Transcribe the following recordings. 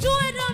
Do it.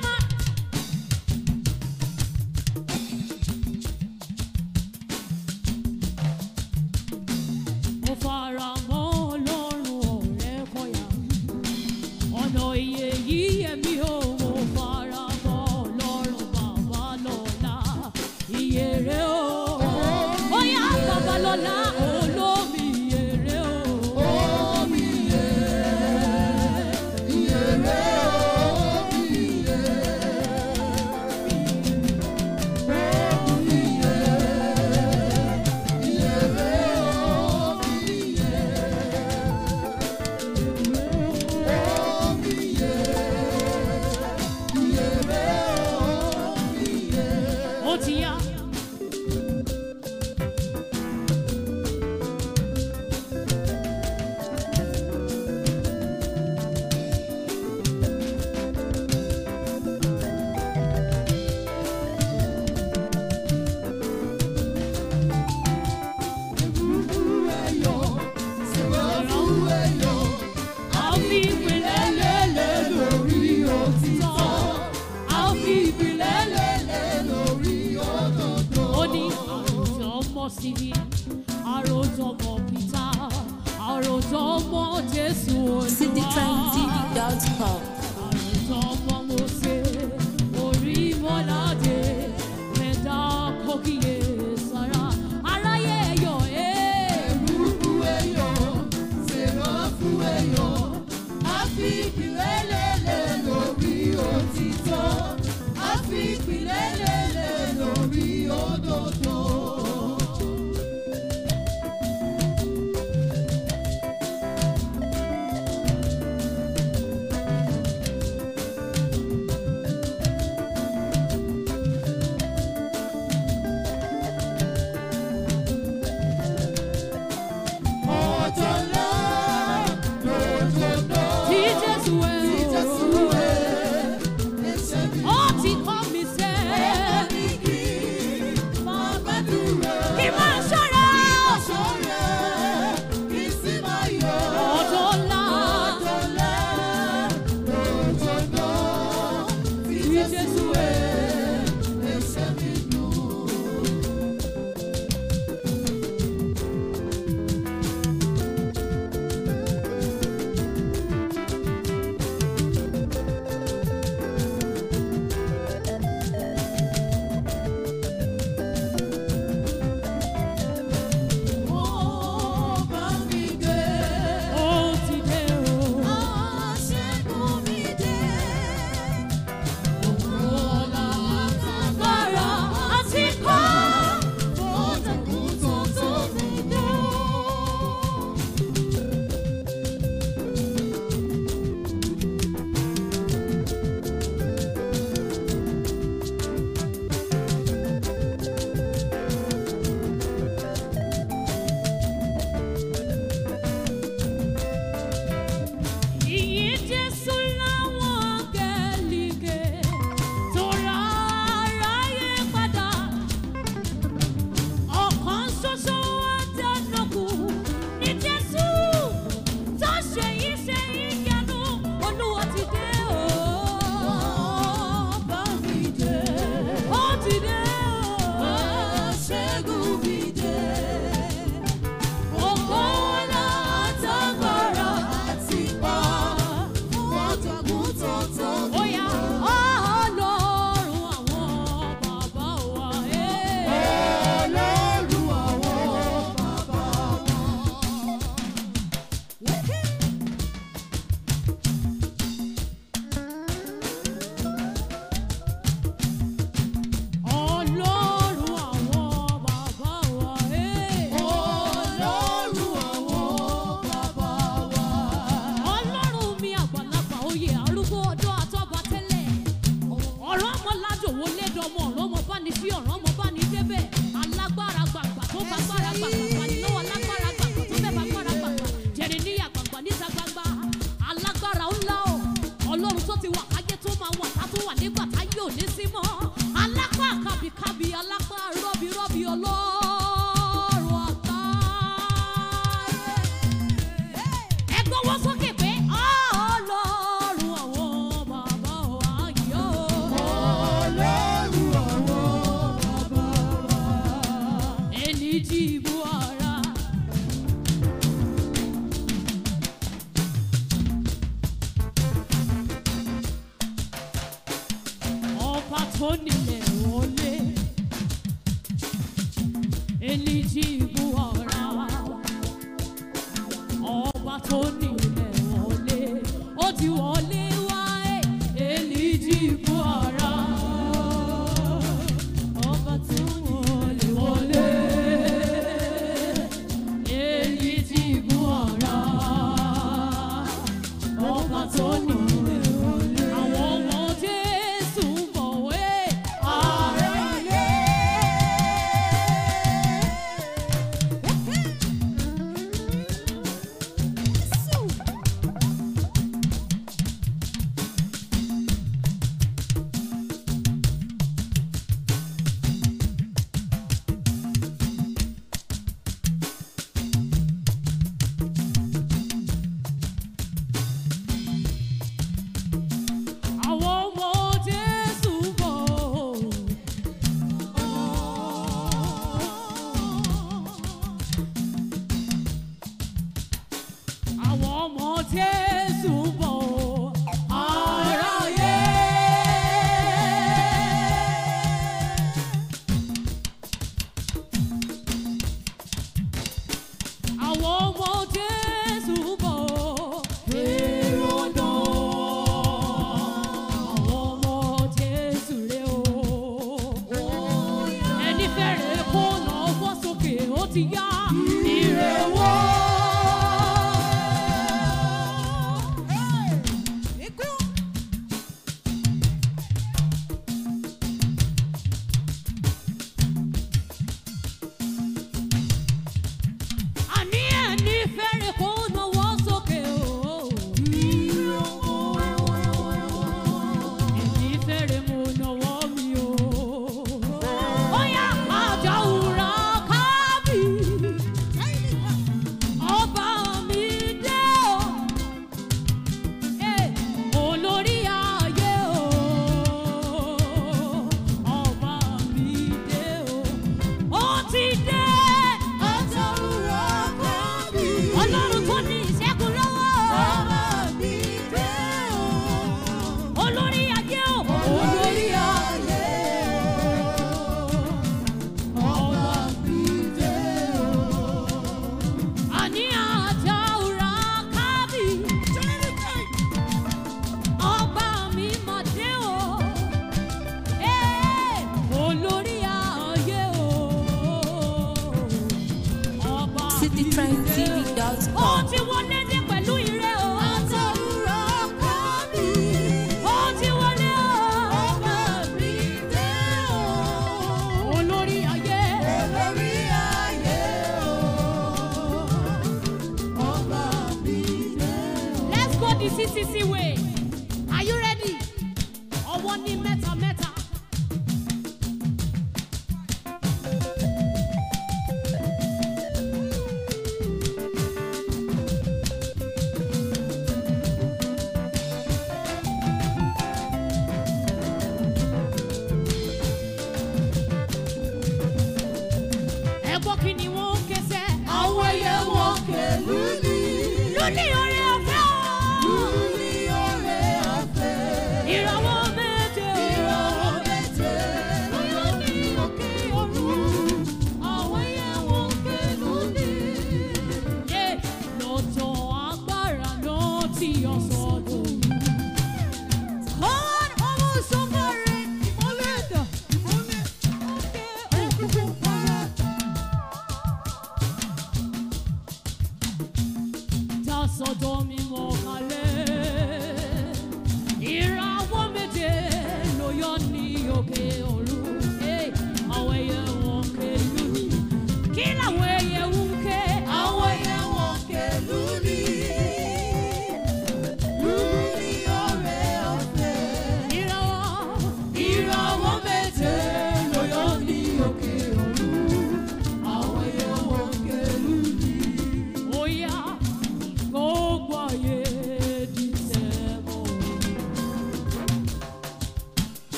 If you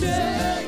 Jesus.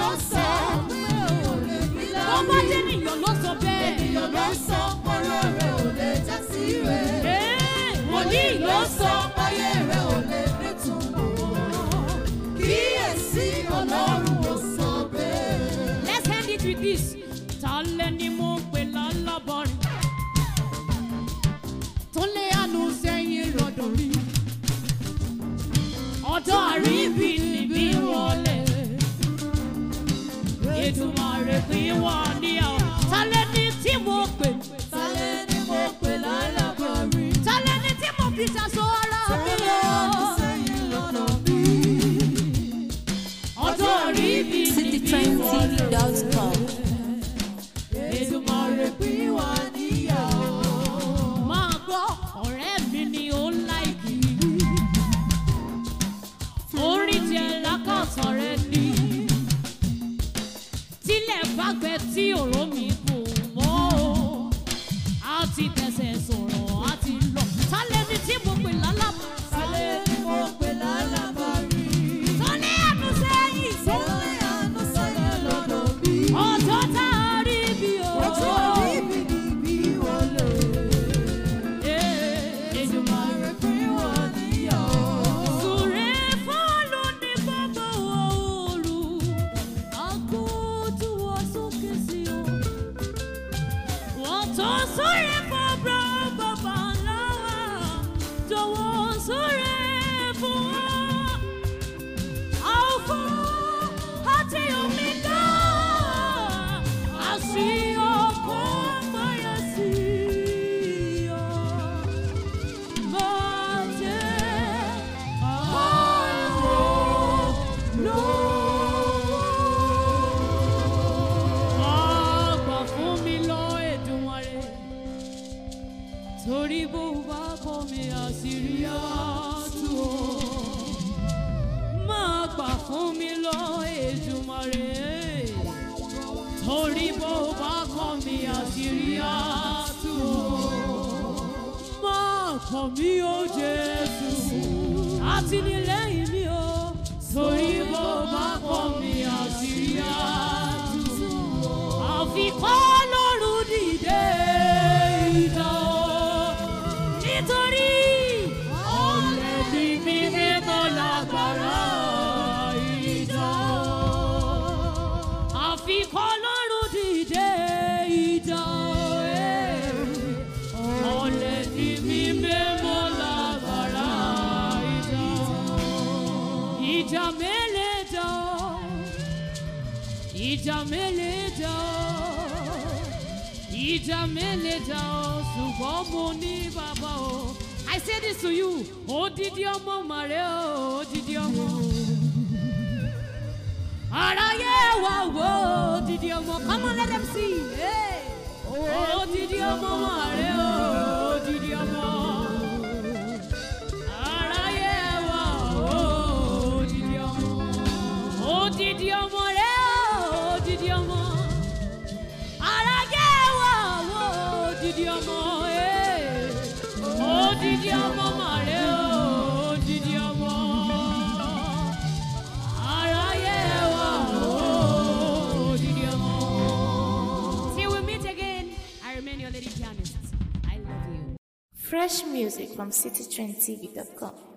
ló sọ. Bó bá jẹ́ sọ bẹ́ẹ̀. Ènìyàn ló sọ pọ́nrọ́ rẹ̀ ò lè já sí rẹ̀. Wòlíì ló sọ ayé rẹ̀ ò lè rí túbọ̀. Kíyèsí Ọlọ́run ò sọ bẹ́ẹ̀. Let's end it with this. Ta lẹni mú pé lọ́lọ́bọ̀rin? Tó lé àánú sẹ́yìn rọ̀dọ̀ rí. Ọ̀dọ́ àríbí ni. Tomorrow we wọn ní àwọn. here. mi ò oh Jésù ìjàmẹ́lẹ́dà o ìjàmẹ́lẹ́dà o ṣùgbọ́n mo ní bàbá o I say this to you odidi ọmọ màrẹ́ o odidi ọmọ aráyé wa wo odidi ọmọ come on let them see odidi ọmọ màrẹ́ o odidi ọmọ. Fresh music from citytrendtv.com.